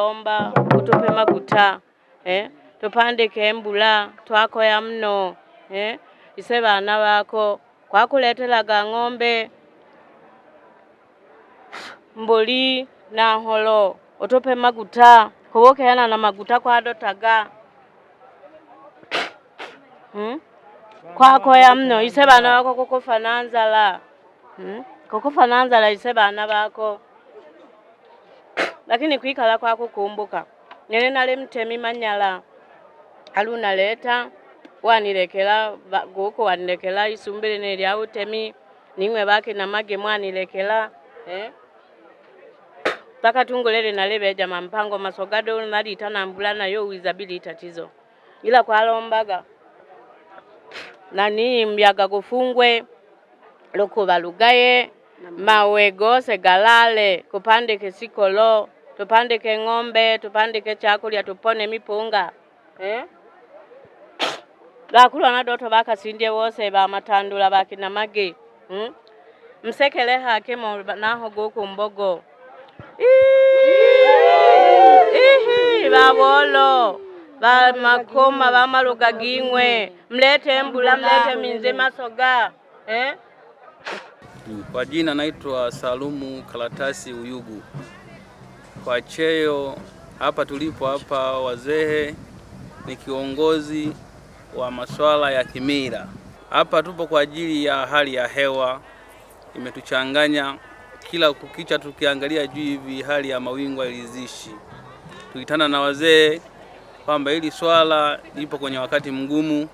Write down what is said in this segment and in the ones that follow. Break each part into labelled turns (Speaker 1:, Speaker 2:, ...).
Speaker 1: tulomba utupe maguta eh? tupandike embula twakoya mno eh? ise baana baako kwakuleeteraga ng'ombe mbuli na holo utupe maguta kubukeana na maguta kwadotaga hmm? kwakoya mno ise bana bako kukufa na nzala hmm? kukufa na nzala ise bana bako lakini kuikalako akukumbuka nene nali mtemi manyala alunaleta wanilekela guko wanilekela isumbile nelya utemi ning'we bake na mage mwanilekela eh? paka tungolele nalebeja mpango masogado nalita na nayo uizabili tatizo ila kwa kwalombaga nani mbyaga gufungwe lokuba lugaye mawe gose galale kupande kesikolo tupandike ng'ombe, tupandike chakulya, tupone mipunga eh? bakulu nadoto bakasindye wose bamatandula bakinamage hmm? msekele hakemo naho guku mbogo ihi bawolo bamakoma bamaluga ging'we mlete mbula mlete minze masoga eh?
Speaker 2: Kwa jina naitwa Salumu Kalatasi Uyugu kwa cheo hapa tulipo hapa wazee ni kiongozi wa masuala ya kimila. Hapa tupo kwa ajili ya hali ya hewa imetuchanganya, kila kukicha tukiangalia juu hivi hali ya mawingu ilizishi. Tuitana na wazee kwamba hili swala lipo kwenye wakati mgumu,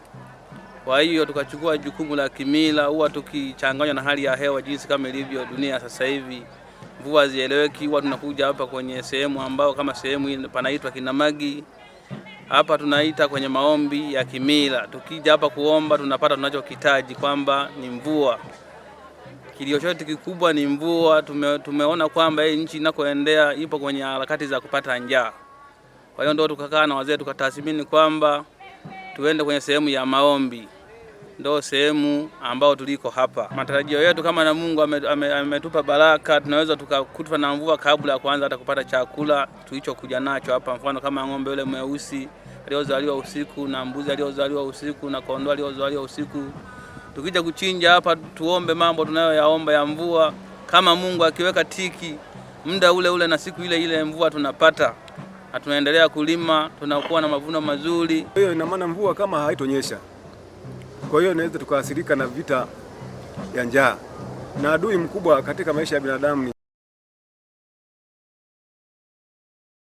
Speaker 2: kwa hiyo tukachukua jukumu la kimila. Huwa tukichanganywa na hali ya hewa jinsi kama ilivyo dunia sasa hivi mvua hazieleweki. Huwa tunakuja hapa kwenye sehemu ambao kama sehemu hii panaitwa Kinamagi, hapa tunaita kwenye maombi ya kimila. Tukija hapa kuomba, tunapata tunachokitaji kwamba ni mvua. Kilio chote kikubwa ni mvua. Tume, tumeona kwamba hii nchi inakoendea ipo kwenye harakati za kupata njaa. Kwa hiyo ndio tukakaa na wazee tukatathmini kwamba tuende kwenye sehemu ya maombi ndo sehemu ambayo tuliko hapa. Matarajio yetu kama na Mungu ametupa baraka, tunaweza tukakutwa na mvua kabla ya kwanza hata kupata chakula tulichokuja nacho hapa, mfano kama ng'ombe yule mweusi aliozaliwa usiku na mbuzi aliozaliwa usiku na kondoo aliozaliwa usiku. Tukija kuchinja hapa, tuombe mambo tunayoyaomba ya mvua. Kama Mungu akiweka tiki muda ule ule na siku ile ile, mvua tunapata na tunaendelea kulima, tunakuwa na mavuno mazuri.
Speaker 3: Hiyo ina maana mvua kama haitonyesha kwa hiyo inaweza tukaathirika na vita ya njaa, na adui mkubwa katika maisha ya binadamu ni